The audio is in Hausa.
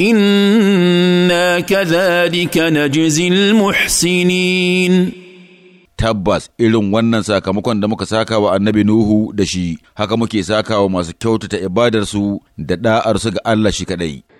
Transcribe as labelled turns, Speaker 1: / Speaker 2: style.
Speaker 1: inna كذلك نجزي المحسنين tabbas irin wannan sakamakon da muka saka wa annabi Nuhu da shi haka muke saka wa masu kyautata ibadarsu da da'arsu ga Allah shi kadai